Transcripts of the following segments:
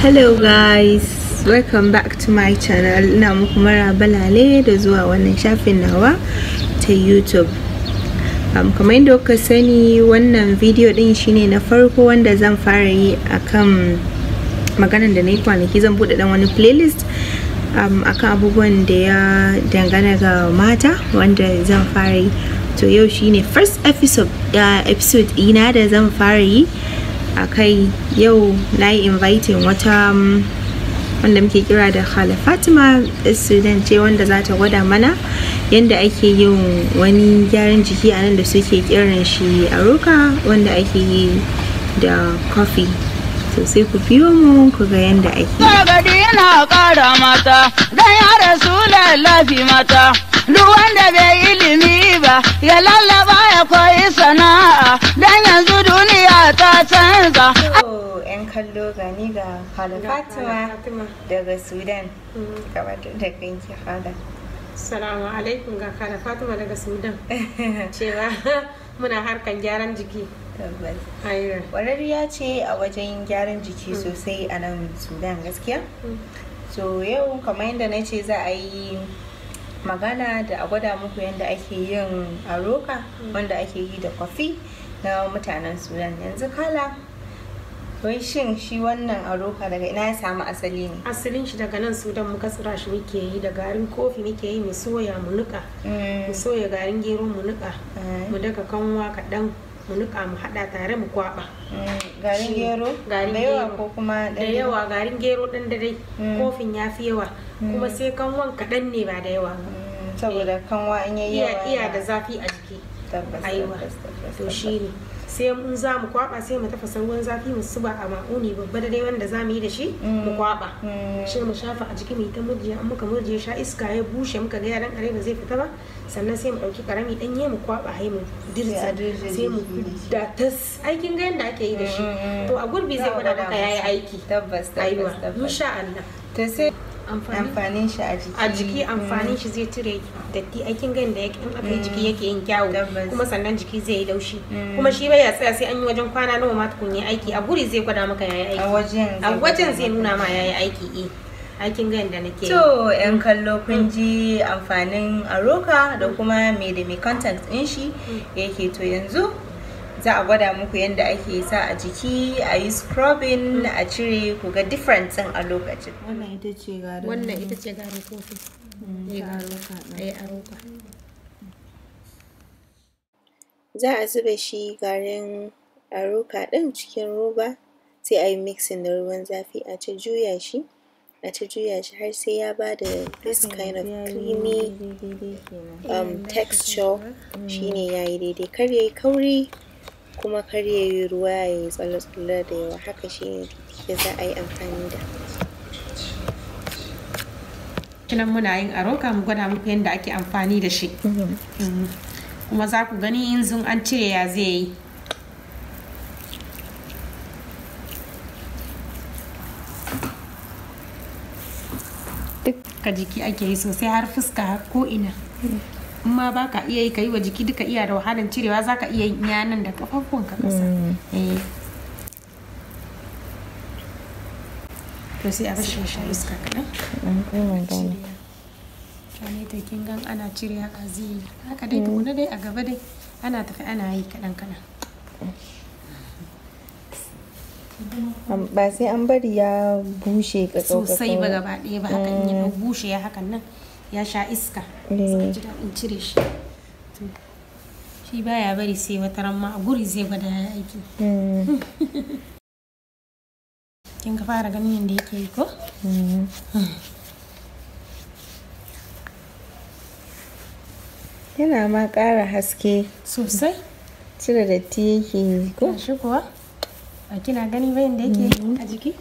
hello guys welcome back to my channel ina muku mara balale da zuwa wannan shafin nawa ta youtube um, kamar yadda kuka sani wannan video din shine na farko wanda zan fara yi akan maganar da na yi kwanaki zan bude dan wani playlist um, akan abubuwan da ya dangana ga mata wanda zan fara yi to yau shine first episode uh, episode ina da zan fara yi a kai yau na yi inviting wata mm, wanda muke kira da khala fatima student ce wanda za ta gwada mana yadda ake yin wani gyaran jiki a nan da suke kiran shi a roka wanda ake yi da coffee to sai ku biyo mu ku ga yadda ake gadi yana kara mata dan ya rasu lallafi mata duk wanda bai ilimi ba ya lallaba ya koyi sana'a dan yanzu ta canza. yan kallo gani ga Fala Fatima daga Sudan. Mm. Kamar da kanki fada. Salamu alaikum ga Fala Fatima daga Sudan. Cewa muna harkar gyaran jiki. ya ce a wajen gyaran jiki mm. sosai a nan Sudan gaskiya. Mm. So yau kamar yadda na ce za a yi magana da a gwada muku yadda ake yin aroka wanda ake yi da kwafi. na mutanen sudan yanzu kala wai shin shi wannan aroka daga ina ya samu asali ne asalin shi daga nan sudan muka tsira shi muke yi da garin kofi muke yi mu soya mu nuka mm. mu soya garin gero mu nuka mm. mu daga kanwa kaɗan mu nuka mu haɗa tare mu kwaɓa mm. garin gero da yawa ko kuma da yawa garin gero ɗan da dai kofin ya fi yawa kuma sai kanwan kaɗan ne ba da yawa saboda kanwa in yi yawa iya da zafi a jiki tabbas to shi ne sai mun za mu kwaba sai mu tafasa ruwan zafi mu suba a ma'uni babba da dai wanda za mu yi da shi mu kwaba mm. shi mu shafa a jiki mai ta murjiya an muka murjiya sha iska ya bushe muka ga yaran kare ba zai fita ba sannan sai mu dauki karami yi mu kwaba hai mu dirza sai mu da tas aikin ga yanda ake yi da shi to a gurbi zai gwada maka yayi aiki tabbas tabbas insha Allah to sai amfanin shi a jiki a jiki amfanin shi zai cire datti aikin ga ya in aka yi jiki mm. yake yin kyawu kuma sannan jiki zai yi laushi mm. kuma shi kai ya tsaya sai an yi wajen kwana nawa ma tukun yi aiki a guri zai gwada maka yayi aiki a wajen zai nuna ma yayi aiki eh aikin ga da nake to yan kallo kun mm. ji amfanin aroka da mm. kuma me da me content din shi mm. yake to yanzu za a gwada muku yadda ake sa a jiki a yi scrubbing a cire ku ga different din a lokacin wannan ita ce garin wannan ita ce garin kofi eh ka eh aroka za a zuba shi garin aroka ɗin cikin roba sai ayi yi mixing da ruwan zafi a ta juya shi a ta juya shi har sai ya ba da this kind of creamy um, texture shine mm. ya yi daidai kar ya yi kauri kuma kar ya yi ruwa ya yi tsalle-tsalle da yawa haka shine da za a yi amfani da kinan muna yin aroka mu gwada muku yadda ake amfani da shi mm-hmm. mm. kuma za ku gani in zun an cire ya zai yi duka jiki ake yi sosai har fuska har ko'ina ma ba ka iya yi ka yi wa jiki duka iya da wahalar cirewa za ka iya yin nan da kafafuwan ka kasa mm. eh. to sai a bashi shi iska kaɗan mm, oh shane ta gan ana cire haka zai haka dai tukuna dai a gaba dai ana tafi ana yi kaɗan kaɗan ba sai an bari ya bushe ka sosai ba gaba ɗaya ba hakan ya mm. bushe ya hakan nan ya sha iska sai eh. ji daɗin cire shi shi baya bari sai wata ramma a guri zai gwada ya aiki mm. kin ka fara ganin yadda yake yi ko mm. yana ma ƙara haske sosai cire datti yake ko shi kuwa ba kina gani ba yadda yake mm. a jiki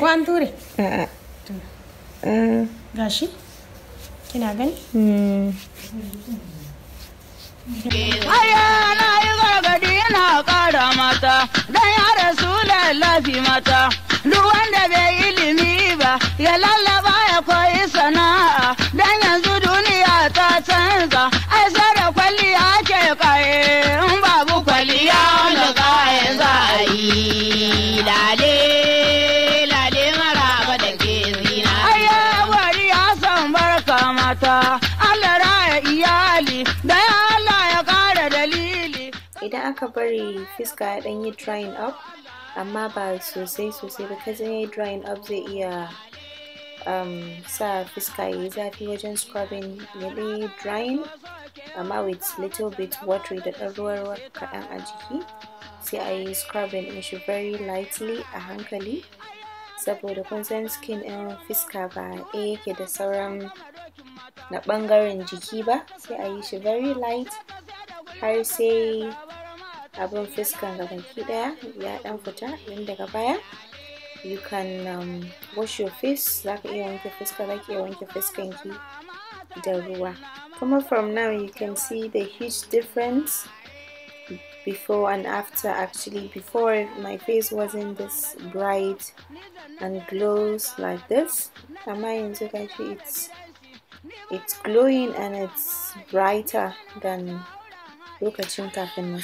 ko an ture ah. gashi kina gani hmm. Aya na yi gargadi yana ƙara mata, don ya rasu lafi mata. aka bari fiska ya dan yi drying up amma ba sosai sosai ba ka zai drying up zai iya um, sa fiska ya yi zafi wajen scrubbing ya dai drying amma with little bit water da ɗan kaɗan a jiki sai a yi scrubbing in shi very lightly a hankali saboda kun san skin ɗin fiska ba a yake da sauran na ɓangaren jiki ba sai a yi shi very light har sai abin fuskan gabaki daya ya dan fita yin daga baya you can um, wash your face like ka iya wanke fuska za ki iya wanke fuskanki da ruwa kuma from now you can see the huge difference before and after actually before my face wasn't this bright and glows like this amma yanzu gashi it's it's glowing and it's brighter than lokacin kafin na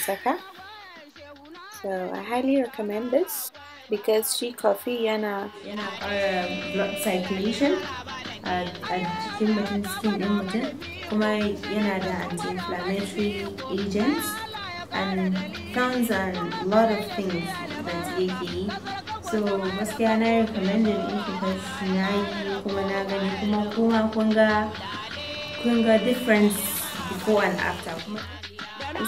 so I highly recommend this because she coffee yana yana blood um, circulation and skin, skin din kuma yana da anti-inflammatory agents and tons and lot of things that yake so gaskiya na recommend it because na yi kuma na gani kuma kuma kunga difference before and after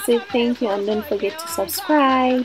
Say thank you and don't forget to subscribe.